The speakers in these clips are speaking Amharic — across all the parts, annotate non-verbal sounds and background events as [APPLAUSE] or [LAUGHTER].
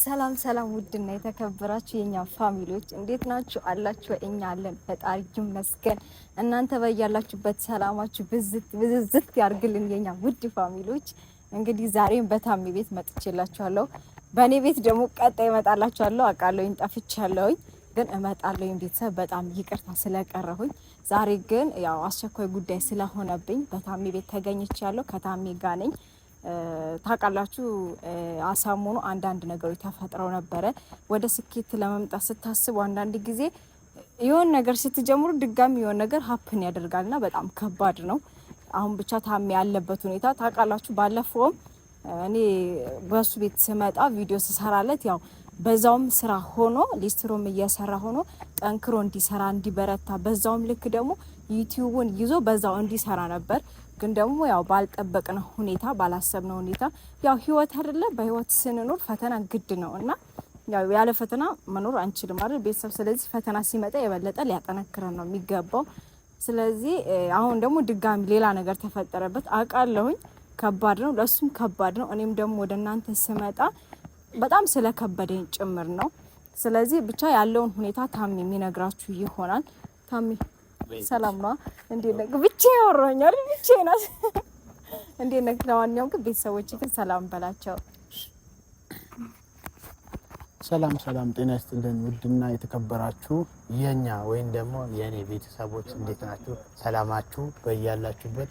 ሰላም ሰላም፣ ውድና የተከበራችሁ የኛ ፋሚሊዎች እንዴት ናችሁ? አላችሁ? እኛ አለን፣ ፈጣሪ ይመስገን። እናንተ በያላችሁበት ሰላማችሁ ብዝት ብዝዝት ያርግልን የኛ ውድ ፋሚሊዎች። እንግዲህ ዛሬም በታሚ ቤት መጥቼላችኋለሁ። በእኔ ቤት ደግሞ ቀጣይ እመጣላችኋለሁ። አውቃለሁኝ ጠፍቻለሁኝ፣ ግን እመጣለሁኝ። ቤተሰብ በጣም ይቅርታ ስለቀረሁኝ፣ ዛሬ ግን ያው አስቸኳይ ጉዳይ ስለሆነብኝ በታሚ ቤት ተገኝቻለሁ። ከታሚ ጋር ነኝ። ታውቃላችሁ አሳሙኑ አንዳንድ ነገሮች ተፈጥረው ነበረ። ወደ ስኬት ለመምጣት ስታስቡ አንዳንድ ጊዜ የሆን ነገር ስትጀምሩ ድጋሚ የሆን ነገር ሀፕን ና በጣም ከባድ ነው። አሁን ብቻ ታሜ ያለበት ሁኔታ ታውቃላችሁ። ባለፈውም እኔ በሱ ቤት ስመጣ ቪዲዮ ስሰራለት ያው በዛውም ስራ ሆኖ ሊስትሮም እየሰራ ሆኖ ጠንክሮ እንዲሰራ እንዲበረታ፣ በዛውም ልክ ደግሞ ዩቲዩቡን ይዞ በዛው እንዲሰራ ነበር ግን ደግሞ ያው ባልጠበቅነው ሁኔታ ባላሰብነው ሁኔታ ያው ህይወት አይደለ በህይወት ስንኖር ፈተና ግድ ነው እና ያው ያለ ፈተና መኖር አንችልም አይደል ቤተሰብ። ስለዚህ ፈተና ሲመጣ የበለጠ ሊያጠነክረን ነው የሚገባው። ስለዚህ አሁን ደግሞ ድጋሚ ሌላ ነገር ተፈጠረበት አውቃለሁኝ። ከባድ ነው፣ ለእሱም ከባድ ነው። እኔም ደግሞ ወደ እናንተ ስመጣ በጣም ስለከበደኝ ጭምር ነው። ስለዚህ ብቻ ያለውን ሁኔታ ታሜ የሚነግራችሁ ይሆናል ታሜ ሰላም ነዋ። እንዴት ነህ? ብቻዬን አወራሁኝ አይደል? ብቻዬን ናት። [LAUGHS] እንዴት ነህ? ለማንኛውም ግን ቤተሰቦች ግን ሰላም በላቸው። ሰላም ሰላም፣ ጤና ይስጥልን ውድና የተከበራችሁ የኛ ወይም ደግሞ የእኔ ቤተሰቦች እንዴት ናችሁ? ሰላማችሁ በያላችሁበት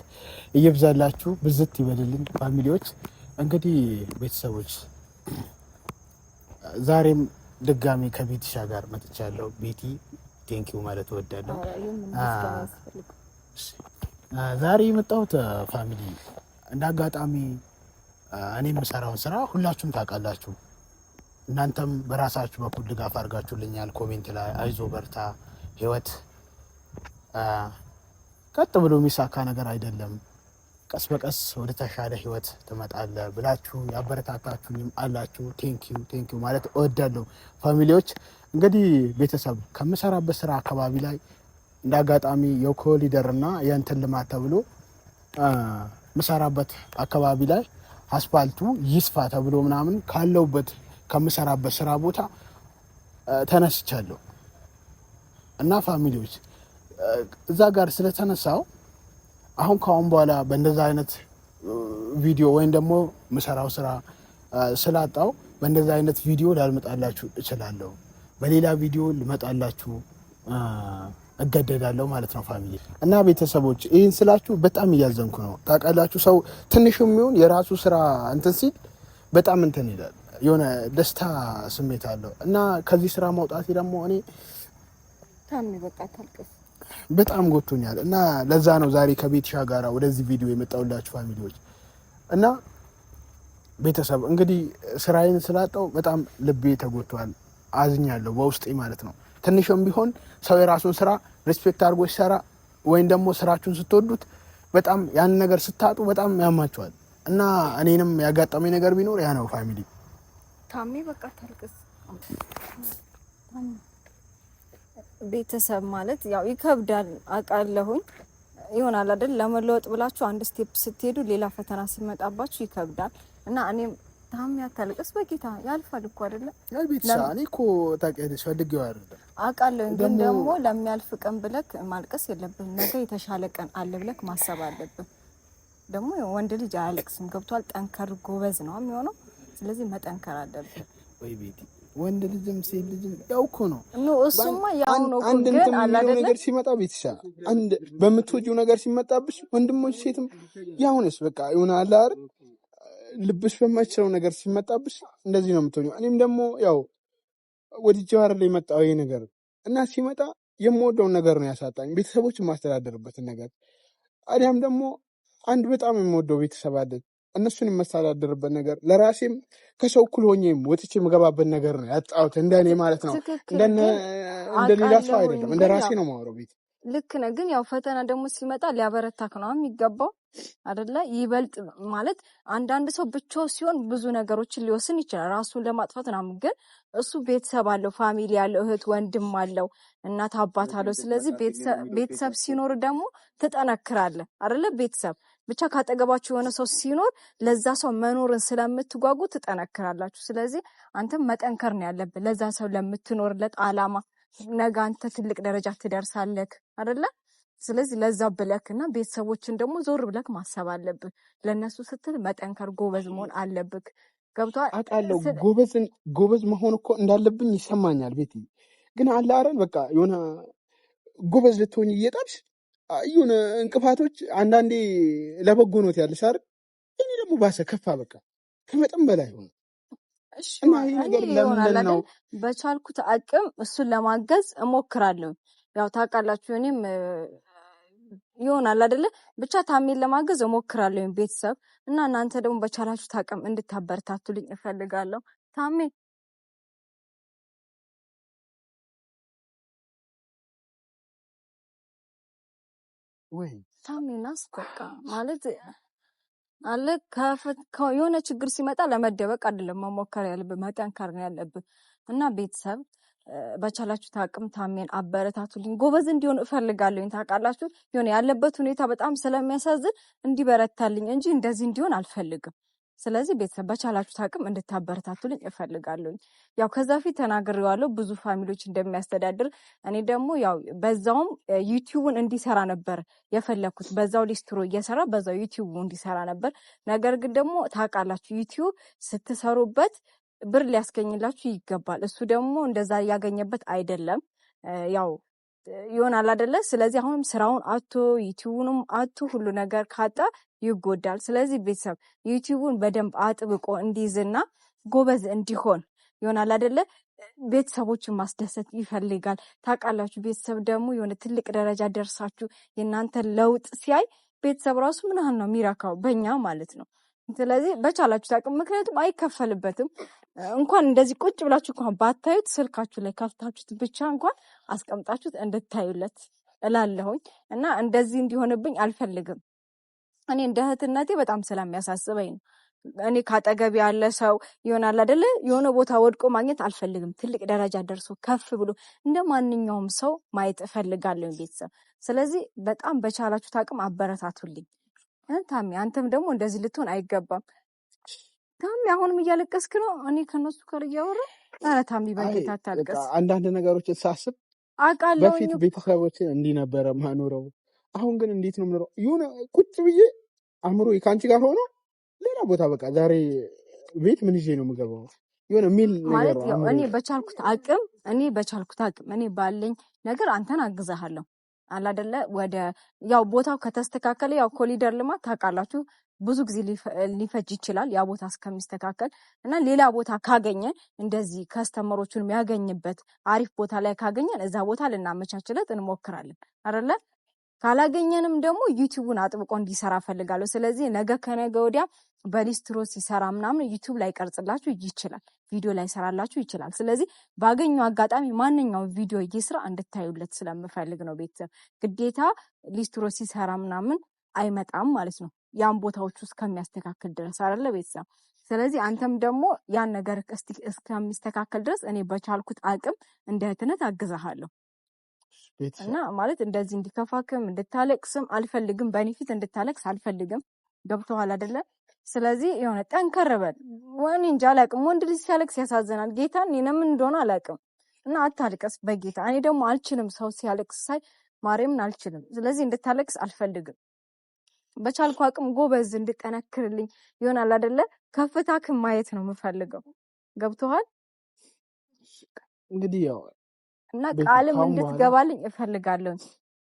እየብዛላችሁ ብዝት ይበልልን። ፋሚሊዎች እንግዲህ ቤተሰቦች ዛሬም ድጋሚ ከቤቲሻ ጋር መጥቻለሁ። ቤቲ ቴንኪው ማለት እወዳለሁ። ዛሬ የመጣሁት ፋሚሊ እንደ አጋጣሚ እኔ የምሰራውን ስራ ሁላችሁም ታውቃላችሁ። እናንተም በራሳችሁ በኩል ድጋፍ አድርጋችሁልኛል። ኮሜንት ላይ አይዞ በርታ፣ ህይወት ቀጥ ብሎ የሚሳካ ነገር አይደለም ቀስ በቀስ ወደ ተሻለ ህይወት ትመጣለ ብላችሁ ያበረታታችሁኝም አላችሁ። ቴንኪዩ ቴንኪዩ ማለት እወዳለሁ። ፋሚሊዎች እንግዲህ ቤተሰብ ከምሰራበት ስራ አካባቢ ላይ እንደ አጋጣሚ የኮሊደርና የእንትን ልማት ተብሎ ምሰራበት አካባቢ ላይ አስፋልቱ ይስፋ ተብሎ ምናምን ካለውበት ከምሰራበት ስራ ቦታ ተነስቻለሁ እና ፋሚሊዎች እዛ ጋር ስለተነሳው አሁን ከአሁን በኋላ በእንደዛ አይነት ቪዲዮ ወይም ደግሞ ምሰራው ስራ ስላጣው በእንደዛ አይነት ቪዲዮ ላልመጣላችሁ እችላለሁ። በሌላ ቪዲዮ ልመጣላችሁ እገደዳለሁ ማለት ነው። ፋሚሊ እና ቤተሰቦች ይህን ስላችሁ በጣም እያዘንኩ ነው። ታውቃላችሁ ሰው ትንሽ የሚሆን የራሱ ስራ እንትን ሲል በጣም እንትን ይላል፣ የሆነ ደስታ ስሜት አለው እና ከዚህ ስራ መውጣቴ ደግሞ እኔ ታሚ በቃ ታልቅስ በጣም ጎቶኛል እና ለዛ ነው ዛሬ ከቤትሻ ጋር ወደዚህ ቪዲዮ የመጣሁላችሁ ፋሚሊዎች እና ቤተሰብ። እንግዲህ ስራዬን ስላጣው በጣም ልቤ ተጎቷል አዝኛለሁ በውስጤ ማለት ነው። ትንሽም ቢሆን ሰው የራሱን ስራ ሪስፔክት አድርጎ ሲሰራ ወይም ደግሞ ስራችሁን ስትወዱት በጣም ያን ነገር ስታጡ በጣም ያማቸዋል እና እኔንም ያጋጠመኝ ነገር ቢኖር ያ ነው ፋሚሊ ታሜ በቃ ቤተሰብ ማለት ያው ይከብዳል፣ አውቃለሁኝ። ይሆናል አይደል ለመለወጥ ብላችሁ አንድ ስቴፕ ስትሄዱ ሌላ ፈተና ሲመጣባችሁ ይከብዳል እና እኔም ታም ያታልቅስ በጌታ ያልፋል እኮ አይደለም። ለቤተሰብ እኮ ታውቂያለሽ ፈልጌው አይደለም አውቃለሁ። ግን ደግሞ ለሚያልፍ ቀን ብለክ ማልቀስ የለብን። ነገ የተሻለ ቀን አለ ብለክ ማሰብ አለብን። ደግሞ ወንድ ልጅ አያለቅስም። ገብቷል። ጠንከር ጎበዝ ነው የሚሆነው። ስለዚህ መጠንከር አለብን ወይ ቤቴ ወንድ ልጅም ሴት ልጅም ያው እኮ ነው። እሱማ ያው ነው። አንድ እንትን የሚለው ነገር ሲመጣ ቤት አንድ በምትወጂው ነገር ሲመጣብሽ ወንድሞች ሴትም ያው በቃ የሆነ አለ አይደል ልብሽ በማይችለው ነገር ሲመጣብሽ እንደዚህ ነው የምትሆኚው። እኔም ደግሞ ያው ወዲጄው አይደል የመጣው ይሄ ነገር እና ሲመጣ የምወደውን ነገር ነው ያሳጣኝ፣ ቤተሰቦች የማስተዳደርበትን ነገር አዲያም ደግሞ አንድ በጣም የምወደው ቤተሰብ አለች እነሱን የመስተዳደርበት ነገር ለራሴም ከሰው እኩል ሆኜም ወጥቼ የምገባበት ነገር ነው ያጣሁት። እንደኔ ማለት ነው፣ እንደሌላ ሰው አይደለም፣ እንደ ራሴ ነው የማወራው። ቤት ልክ ነህ፣ ግን ያው ፈተና ደግሞ ሲመጣ ሊያበረታክ ነው የሚገባው አደለ? ይበልጥ ማለት አንዳንድ ሰው ብቻው ሲሆን ብዙ ነገሮችን ሊወስን ይችላል፣ ራሱን ለማጥፋት ምናምን። ግን እሱ ቤተሰብ አለው፣ ፋሚሊ አለው፣ እህት ወንድም አለው፣ እናት አባት አለው። ስለዚህ ቤተሰብ ሲኖር ደግሞ ትጠነክራለህ አደለ? ቤተሰብ ብቻ ካጠገባችሁ የሆነ ሰው ሲኖር ለዛ ሰው መኖርን ስለምትጓጉ ትጠነክራላችሁ። ስለዚህ አንተም መጠንከር ነው ያለብን ለዛ ሰው ለምትኖርለት አላማ። ነገ አንተ ትልቅ ደረጃ ትደርሳለህ አደለ? ስለዚህ ለዛ ብለክ እና ቤተሰቦችን ደግሞ ዞር ብለክ ማሰብ አለብህ። ለእነሱ ስትል መጠንከር፣ ጎበዝ መሆን አለብክ። ገብቶሃል? አውቃለሁ። ጎበዝ መሆን እኮ እንዳለብኝ ይሰማኛል። ቤት ግን አለ አይደል በቃ የሆነ ጎበዝ ልትሆኝ እየጣልሽ አዩን እንቅፋቶች አንዳንዴ ለበጎ ኖት ያለሽ አይደል? እኔ ደግሞ ባሰ ከፋ፣ በቃ ከመጠን በላይ ሆነ በቻልኩት አቅም እሱን ለማገዝ እሞክራለሁ። ያው ታውቃላችሁ፣ እኔም ይሆናል አይደለ? ብቻ ታሜን ለማገዝ እሞክራለሁ ቤተሰብ እና እናንተ ደግሞ በቻላችሁት አቅም እንድታበረታቱልኝ እፈልጋለሁ። ታሜ ሳምናስ በቃ [SIGHS] ማለት አለ የሆነ ችግር ሲመጣ ለመደበቅ አይደለም መሞከር ያለብን መጠንከር ነው ያለብህ። እና ቤተሰብ በቻላችሁት አቅም ታሜን አበረታቱልኝ። ጎበዝ እንዲሆን እፈልጋለሁኝ። ታውቃላችሁ የሆነ ያለበት ሁኔታ በጣም ስለሚያሳዝን እንዲበረታልኝ እንጂ እንደዚህ እንዲሆን አልፈልግም። ስለዚህ ቤተሰብ በቻላችሁት አቅም እንድታበረታቱልኝ እፈልጋለሁኝ። ያው ከዛ በፊት ተናግሬዋለሁ ብዙ ፋሚሊዎች እንደሚያስተዳድር። እኔ ደግሞ ያው በዛውም ዩቲዩቡን እንዲሰራ ነበር የፈለግኩት። በዛው ሊስትሮ እየሰራ በዛው ዩቲዩቡ እንዲሰራ ነበር። ነገር ግን ደግሞ ታውቃላችሁ ዩቲዩብ ስትሰሩበት ብር ሊያስገኝላችሁ ይገባል። እሱ ደግሞ እንደዛ ያገኘበት አይደለም ያው ይሆናል አደለ? ስለዚህ አሁንም ስራውን አቶ ዩቲቡንም አቶ ሁሉ ነገር ካጣ ይጎዳል። ስለዚህ ቤተሰብ ዩቲቡን በደንብ አጥብቆ እንዲይዝና ጎበዝ እንዲሆን ይሆናል አደለ? ቤተሰቦችን ማስደሰት ይፈልጋል። ታውቃላችሁ፣ ቤተሰብ ደግሞ የሆነ ትልቅ ደረጃ ደርሳችሁ የእናንተ ለውጥ ሲያይ ቤተሰብ ራሱ ምን ያህል ነው የሚረካው በእኛ ማለት ነው። ስለዚህ በቻላችሁ ታቅም፣ ምክንያቱም አይከፈልበትም። እንኳን እንደዚህ ቁጭ ብላችሁ እንኳን ባታዩት ስልካችሁ ላይ ከፍታችሁት ብቻ እንኳን አስቀምጣችሁት እንድታዩለት እላለሁኝ እና እንደዚህ እንዲሆንብኝ አልፈልግም። እኔ እንደ እህትነቴ በጣም ስለሚያሳስበኝ ነው። እኔ ካጠገብ ያለ ሰው ይሆናል አይደለ? የሆነ ቦታ ወድቆ ማግኘት አልፈልግም። ትልቅ ደረጃ ደርሶ ከፍ ብሎ እንደ ማንኛውም ሰው ማየት እፈልጋለሁ ቤተሰብ። ስለዚህ በጣም በቻላችሁት አቅም አበረታቱልኝ። ታሚ አንተም ደግሞ እንደዚህ ልትሆን አይገባም። ታሚ አሁንም እያለቀስክ ነው። እኔ ከነሱ ጋር እያወራ ኧረ ታሚ በጌታ አታልቀስ። አንዳንድ ነገሮች ሳስብ አውቃለሁ። በፊት ቤተሰቦች እንዲህ ነበረ ማኖረው፣ አሁን ግን እንዴት ነው ምኖረው? የሆነ ቁጭ ብዬ አእምሮ ከአንቺ ጋር ሆኖ ሌላ ቦታ በቃ ዛሬ ቤት ምን ይዤ ነው የምገባው የሆነ ሚል ማለት እኔ በቻልኩት አቅም እኔ በቻልኩት አቅም እኔ ባለኝ ነገር አንተን አግዛሃለሁ አላደለ ወደ ያው ቦታው ከተስተካከለ ያው ኮሊደር ልማት ታውቃላችሁ ብዙ ጊዜ ሊፈጅ ይችላል። ያ ቦታ እስከሚስተካከል እና ሌላ ቦታ ካገኘን እንደዚህ ከስተመሮቹን የሚያገኝበት አሪፍ ቦታ ላይ ካገኘን እዛ ቦታ ልናመቻችለት እንሞክራለን አደለ ካላገኘንም ደግሞ ዩቲቡን አጥብቆ እንዲሰራ ፈልጋለሁ። ስለዚህ ነገ ከነገ ወዲያ በሊስትሮ ሲሰራ ምናምን ዩቱብ ላይ ቀርጽላችሁ ይችላል፣ ቪዲዮ ላይ ሰራላችሁ ይችላል። ስለዚህ ባገኘው አጋጣሚ ማንኛውም ቪዲዮ እየስራ እንድታዩለት ስለምፈልግ ነው። ቤተሰብ ግዴታ ሊስትሮ ሲሰራ ምናምን አይመጣም ማለት ነው። ያን ቦታዎች ውስጥ ከሚያስተካክል ድረስ አለ ቤተሰብ። ስለዚህ አንተም ደግሞ ያን ነገር እስከሚስተካከል ድረስ እኔ በቻልኩት አቅም እንደ እህትነት አግዛሃለሁ እና ማለት እንደዚህ እንዲከፋክም እንድታለቅስም አልፈልግም። በኔፊት ፊት እንድታለቅስ አልፈልግም። ገብተኋል አይደለ? ስለዚህ የሆነ ጠንከር በል ወን እንጂ አላቅም። ወንድ ልጅ ሲያለቅስ ያሳዝናል። ጌታ እኔንም እንደሆነ አላቅም እና አታልቀስ በጌታ እኔ ደግሞ አልችልም። ሰው ሲያለቅስ ሳይ ማርያምን አልችልም። ስለዚህ እንድታለቅስ አልፈልግም። በቻልኩ አቅም ጎበዝ እንድጠነክርልኝ ይሆናል አደለ? ከፍታክን ማየት ነው የምፈልገው። ገብቶሃል? እንግዲህ ያው እና ቃልም እንድትገባልኝ እፈልጋለሁ።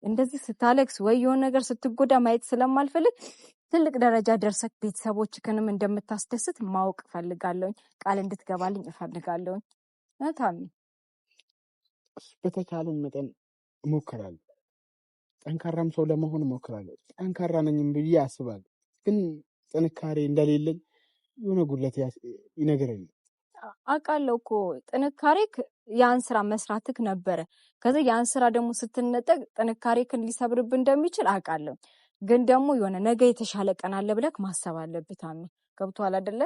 እንደዚህ ስታለቅስ ወይ የሆነ ነገር ስትጎዳ ማየት ስለማልፈልግ ትልቅ ደረጃ ቤተሰቦች ክንም እንደምታስደስት ማወቅ እፈልጋለሁኝ። ቃል እንድትገባልኝ እፈልጋለሁኝ። ታሚ በተቻለን መጠን እሞክራለሁ። ጠንካራም ሰው ለመሆን እሞክራለሁ። ጠንካራ ነኝም ብዬ አስባለሁ። ግን ጥንካሬ እንደሌለኝ የሆነ ጉለት ይነግረኛል። አውቃለሁ እኮ ጥንካሬ ያን ስራ መስራትክ ነበረ። ከዚ ያን ስራ ደግሞ ስትነጠቅ ጥንካሬክን ሊሰብርብ እንደሚችል አውቃለሁ። ግን ደግሞ የሆነ ነገ የተሻለ ቀን አለ ብለክ ማሰብ አለብህ። ታሚ ገብቶሃል አይደለ?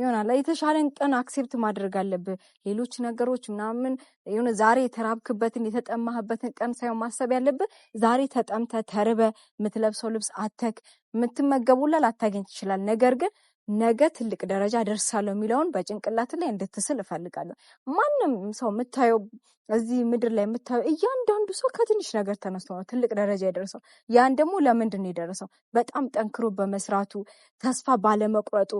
ይሆናል የተሻለን ቀን አክሴፕት ማድረግ አለብህ። ሌሎች ነገሮች ምናምን የሆነ ዛሬ የተራብክበትን የተጠማህበትን ቀን ሳይሆን ማሰብ ያለብህ ዛሬ ተጠምተ ተርበ የምትለብሰው ልብስ አተክ የምትመገቡላል አታገኝ ትችላል። ነገር ግን ነገ ትልቅ ደረጃ ደርሳለሁ የሚለውን በጭንቅላት ላይ እንድትስል እፈልጋለሁ። ማንም ሰው የምታየው እዚህ ምድር ላይ የምታየው እያንዳንዱ ሰው ከትንሽ ነገር ተነስቶ ነው ትልቅ ደረጃ የደረሰው። ያን ደግሞ ለምንድን ነው የደረሰው? በጣም ጠንክሮ በመስራቱ ተስፋ ባለመቁረጡ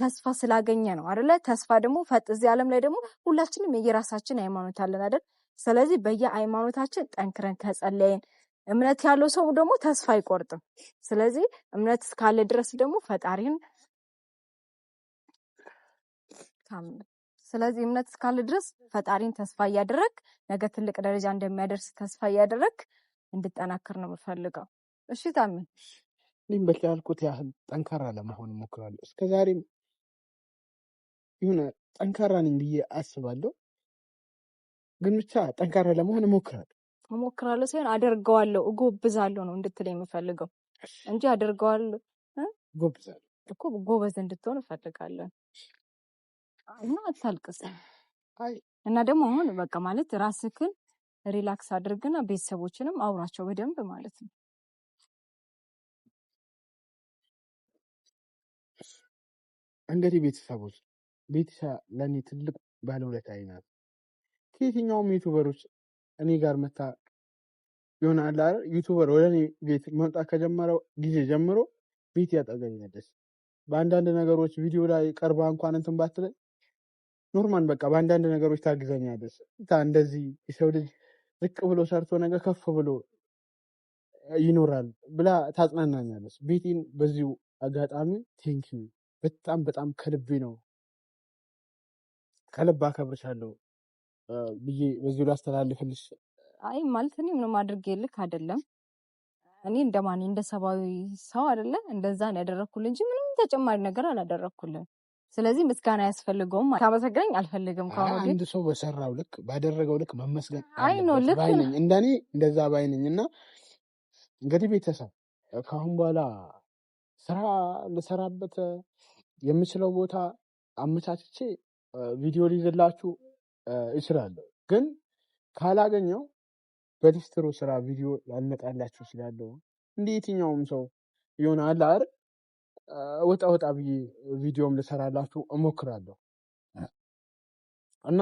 ተስፋ ስላገኘ ነው አደለ? ተስፋ ደግሞ ፈጥ እዚህ ዓለም ላይ ደግሞ ሁላችንም የየራሳችን ሃይማኖት አለን አደል? ስለዚህ በየሃይማኖታችን ጠንክረን ከጸለየን እምነት ያለው ሰው ደግሞ ተስፋ አይቆርጥም። ስለዚህ እምነት እስካለ ድረስ ደግሞ ፈጣሪን ታምነህ ስለዚህ እምነት እስካለ ድረስ ፈጣሪን ተስፋ እያደረግ ነገ ትልቅ ደረጃ እንደሚያደርስ ተስፋ እያደረግ እንድጠናከር ነው የምፈልገው። እሺ ታምን እኔም በቻልኩት ያህል ጠንካራ ለመሆን እሞክራለሁ። እስከዛሬም የሆነ ጠንካራ ነኝ ብዬ አስባለሁ፣ ግን ብቻ ጠንካራ ለመሆን እሞክራለሁ። እሞክራለሁ ሳይሆን አደርገዋለሁ፣ እጎብዛለሁ ነው እንድትል የምፈልገው እንጂ አደርገዋለሁ እጎብዛለሁ እኮ ጎበዝ እንድትሆን እፈልጋለን። እና አታልቅስ። እና ደግሞ አሁን በቃ ማለት ራስክን ሪላክስ አድርግና ቤተሰቦችንም አውራቸው በደንብ ማለት ነው። እንግዲህ ቤተሰቦች ቤተሰብ ለእኔ ትልቅ ባለውለታዬ ናት። ከየትኛውም ዩቱበሮች እኔ ጋር መታ የሆነ አለ ዩቱበር ወደ እኔ ቤት መምጣት ከጀመረው ጊዜ ጀምሮ ቤት ያጠገኛለች። በአንዳንድ ነገሮች ቪዲዮ ላይ ቀርባ እንኳን እንትን ባትለኝ ኖርማል በቃ በአንዳንድ ነገሮች ታግዘኛለች። እንደዚህ የሰው ልጅ ዝቅ ብሎ ሰርቶ ነገር ከፍ ብሎ ይኖራል ብላ ታጽናናኛለች። ቤቴን በዚሁ አጋጣሚ ቴንኪ በጣም በጣም ከልቤ ነው ከልብ አከብርሻለሁ ብዬ በዚሁ ላስተላልፍልሽ። አይ ማለት እኔ ምንም አድርጌልክ አይደለም። እኔ እንደማን እንደ ሰብአዊ ሰው አደለ እንደዛ ነው ያደረግኩልን እንጂ ምንም ተጨማሪ ነገር አላደረግኩልን። ስለዚህ ምስጋና ያስፈልገውም ታመሰግነኝ አልፈልግም። አንድ ሰው በሰራው ልክ ባደረገው ልክ መመስገን አይ ነው ልክ እንደኔ እንደዛ ባይነኝ እና እንግዲህ ቤተሰብ ከአሁን በኋላ ስራ ልሰራበት የምችለው ቦታ አመቻችቼ ቪዲዮ ሊዝላችሁ ይችላለሁ። ግን ካላገኘው በሊስትሮ ስራ ቪዲዮ ላልመጣላችሁ ይችላለሁ። እንደ የትኛውም ሰው ይሆናል አይደል ወጣ ወጣ ብዬ ቪዲዮም ልሰራላችሁ እሞክራለሁ እና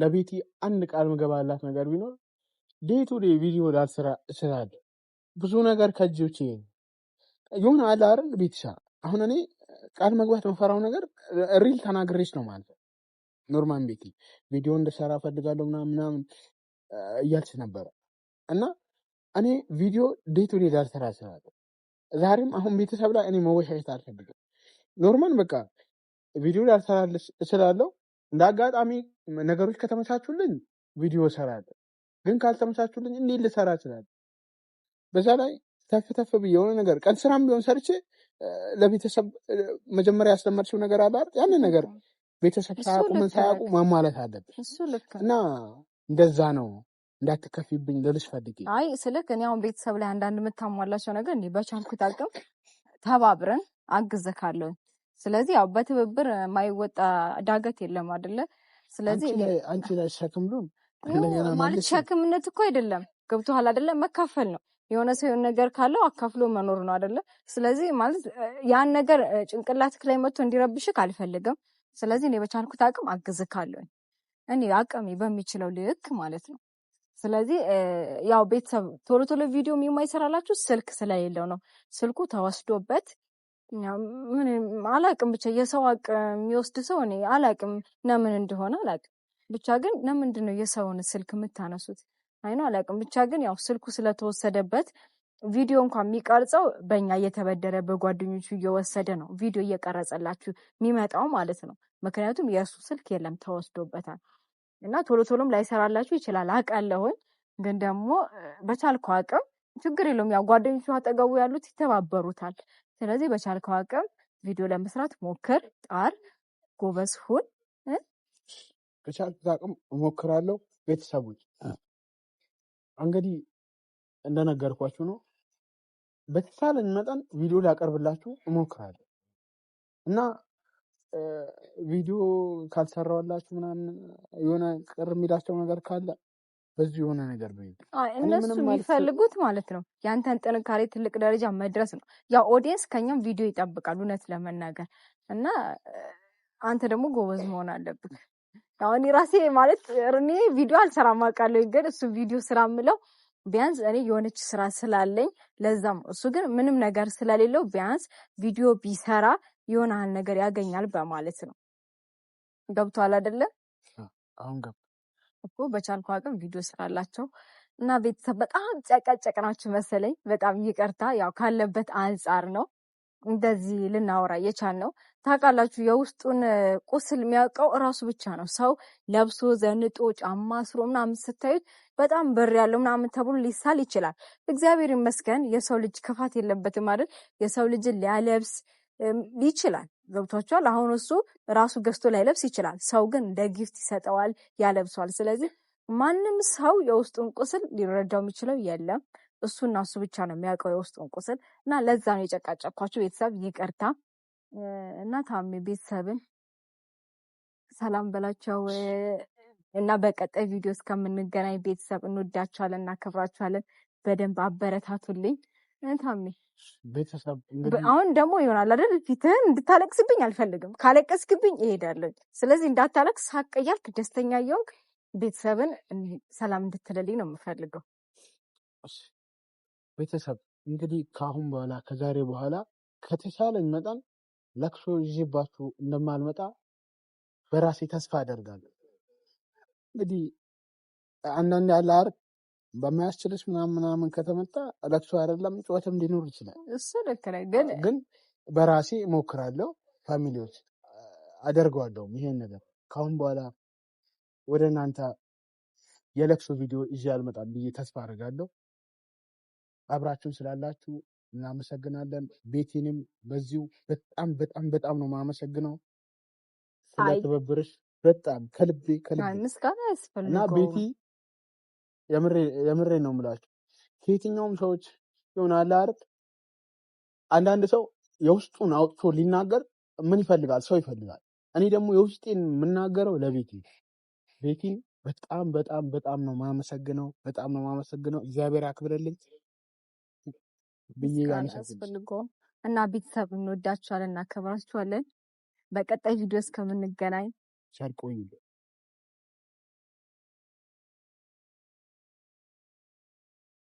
ለቤቲ አንድ ቃል ምገባላት ነገር ቢኖር ዴይ ቱ ዴይ ቪዲዮ ላልስራ እችላለሁ። ብዙ ነገር ከጅብቼ የሆነ አለ አይደል ቤትሻ። አሁን እኔ ቃል መግባት የምፈራው ነገር ሪል ተናግሬች ነው ማለት ኖርማን ቤቲ ቪዲዮ እንደሰራ ፈልጋለሁ ምናምን ምናምን እያልች ነበረ እና እኔ ቪዲዮ ዴይ ቱ ዴይ ላልስራ እችላለሁ። ዛሬም አሁን ቤተሰብ ላይ እኔ መወሻየት አልፈልግም። ኖርማል በቃ ቪዲዮ ላስተላልፍ እችላለሁ። እንደ አጋጣሚ ነገሮች ከተመቻቹልኝ ቪዲዮ እሰራለሁ፣ ግን ካልተመቻቹልኝ እንዴት ልሰራ እችላለሁ? በዛ ላይ ተፍ ተፍ ብዬ የሆነ ነገር ቀን ስራም ቢሆን ሰርቼ ለቤተሰብ መጀመሪያ ያስለመድሽው ነገር አለ አይደል? ያንን ነገር ቤተሰብ ሳያውቁ ምን ሳያውቁ ማሟላት አለብን እና እንደዛ ነው። እንዳትከፊብኝ ልልሽ ፈልጌ። አይ ስልክ እኔ አሁን ቤተሰብ ላይ አንዳንድ የምታሟላቸው ነገር እንዲህ በቻልኩት አቅም ተባብረን አግዘካለሁ። ስለዚህ ያው በትብብር የማይወጣ ዳገት የለም አይደለ? ስለዚህ አንቺ ላይ ሸክም ሉን ማለት ሸክምነት እኮ አይደለም፣ ገብቶሃል አይደለም? መካፈል ነው። የሆነ ሰው የሆነ ነገር ካለው አካፍሎ መኖር ነው አይደለ? ስለዚህ ማለት ያን ነገር ጭንቅላትክ ላይ መጥቶ እንዲረብሽክ አልፈልግም። ስለዚህ እኔ በቻልኩት አቅም አግዝካለሁ፣ እኔ አቅሜ በሚችለው ልክ ማለት ነው። ስለዚህ ያው ቤተሰብ ቶሎ ቶሎ ቪዲዮ የማይሰራላችሁ ስልክ ስለሌለው ነው። ስልኩ ተወስዶበት ምን አላቅም፣ ብቻ የሰው አቅ የሚወስድ ሰው እኔ አላቅም፣ ነምን እንደሆነ አላቅም። ብቻ ግን ለምንድን ነው የሰውን ስልክ የምታነሱት? አይኖ አላቅም። ብቻ ግን ያው ስልኩ ስለተወሰደበት ቪዲዮ እንኳን የሚቀርጸው በእኛ እየተበደረ በጓደኞቹ እየወሰደ ነው ቪዲዮ እየቀረጸላችሁ የሚመጣው ማለት ነው። ምክንያቱም የእሱ ስልክ የለም ተወስዶበታል። እና ቶሎ ቶሎም ላይሰራላችሁ ይችላል አውቃለሁኝ። ግን ደግሞ በቻልከው አቅም ችግር የለውም ያው ጓደኞቹ አጠገቡ ያሉት ይተባበሩታል። ስለዚህ በቻልከው አቅም ቪዲዮ ለመስራት ሞክር፣ ጣር፣ ጎበዝ ሁን። በቻልኩት አቅም እሞክራለሁ። ቤተሰቦች እንግዲህ እንደነገርኳችሁ ነው። በተቻለኝ መጠን ቪዲዮ ሊያቀርብላችሁ እሞክራለሁ እና ቪዲዮ ካልሰራዋላችሁ ምናምን የሆነ ቅር የሚላቸው ነገር ካለ በዚህ የሆነ ነገር እነሱ የሚፈልጉት ማለት ነው ያንተን ጥንካሬ ትልቅ ደረጃ መድረስ ነው። ያው ኦዲየንስ ከኛም ቪዲዮ ይጠብቃል እውነት ለመናገር እና አንተ ደግሞ ጎበዝ መሆን አለብህ። አሁን ራሴ ማለት እኔ ቪዲዮ አልሰራም አውቃለሁ፣ ግን እሱ ቪዲዮ ስራ ምለው ቢያንስ እኔ የሆነች ስራ ስላለኝ ለዛም፣ እሱ ግን ምንም ነገር ስለሌለው ቢያንስ ቪዲዮ ቢሰራ የሆነ ነገር ያገኛል በማለት ነው። ገብቷል አይደለም? አሁን ገብ እኮ በቻልኩ አቅም ቪዲዮ ስራላቸው እና ቤተሰብ በጣም ጨቀጨቅ ናችሁ መሰለኝ። በጣም ይቅርታ፣ ያው ካለበት አንጻር ነው እንደዚህ ልናወራ ነው። ታውቃላችሁ፣ የውስጡን ቁስል የሚያውቀው እራሱ ብቻ ነው። ሰው ለብሶ ዘንጦ ጫማ አስሮ ምናምን ስታዩት በጣም ብር ያለው ምናምን ተብሎ ሊሳል ይችላል። እግዚአብሔር ይመስገን የሰው ልጅ ክፋት የለበትም አይደል? የሰው ልጅን ሊያለብስ ይችላል። ገብቷቸዋል። አሁን እሱ ራሱ ገዝቶ ላይለብስ ይችላል። ሰው ግን እንደ ጊፍት ይሰጠዋል፣ ያለብሰዋል። ስለዚህ ማንም ሰው የውስጡን ቁስል ሊረዳው የሚችለው የለም። እሱና እሱ ብቻ ነው የሚያውቀው የውስጡን ቁስል እና ለዛ ነው የጨቃጨኳቸው። ቤተሰብ ይቅርታ እና ታሜ ቤተሰብን ሰላም በላቸው እና በቀጣይ ቪዲዮ እስከምንገናኝ ቤተሰብ እንወዳቸዋለን፣ እናከብራቸዋለን። በደንብ አበረታቱልኝ ታሜ ቤተሰብ አሁን ደግሞ ይሆናል አይደል? ፊትህን እንድታለቅስብኝ አልፈልግም። ካለቀስክብኝ እሄዳለሁ። ስለዚህ እንዳታለቅስ ሳቅ እያልክ ደስተኛ እየሆንክ ቤተሰብን ሰላም እንድትልልኝ ነው የምፈልገው። ቤተሰብ እንግዲህ ከአሁን በኋላ ከዛሬ በኋላ ከተቻለኝ መጠን ለቅሶ ይዤባችሁ እንደማልመጣ በራሴ ተስፋ አደርጋለሁ። እንግዲህ አንዳንድ ያለ በማያስችልሽ ምናምን ምናምን ከተመጣ ለክሶ አይደለም ጩኸትም ሊኖር ይችላል። እሱ ልክ ግን ግን በራሴ እሞክራለሁ። ፋሚሊዎች አደርገዋለሁም ይሄን ነገር ከአሁን በኋላ ወደ እናንተ የለቅሶ ቪዲዮ ይዤ አልመጣም ብዬ ተስፋ አድርጋለሁ። አብራችሁን ስላላችሁ እናመሰግናለን። ቤቴንም በዚሁ በጣም በጣም በጣም ነው ማመሰግነው ስለተበብርሽ በጣም ከልቤ ከልቤ እና ቤቲ የምሬ ነው የምላችሁ። ከየትኛውም ሰዎች አለ አይደል? አንዳንድ ሰው የውስጡን አውጥቶ ሊናገር ምን ይፈልጋል? ሰው ይፈልጋል። እኔ ደግሞ የውስጤን የምናገረው ለቤት ቤቲን በጣም በጣም በጣም ነው ማመሰግነው፣ በጣም ነው ማመሰግነው። እግዚአብሔር አክብረልኝ ብዬ እና ቤተሰብ እንወዳችኋለን፣ እናከብራችኋለን። በቀጣይ ቪዲዮ እስከምንገናኝ ቸር